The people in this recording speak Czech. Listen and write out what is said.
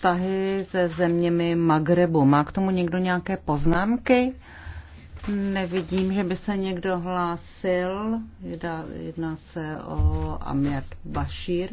vztahy se zeměmi Magrebu. Má k tomu někdo nějaké poznámky? Nevidím, že by se někdo hlásil. Jedná se o Amir Bashir.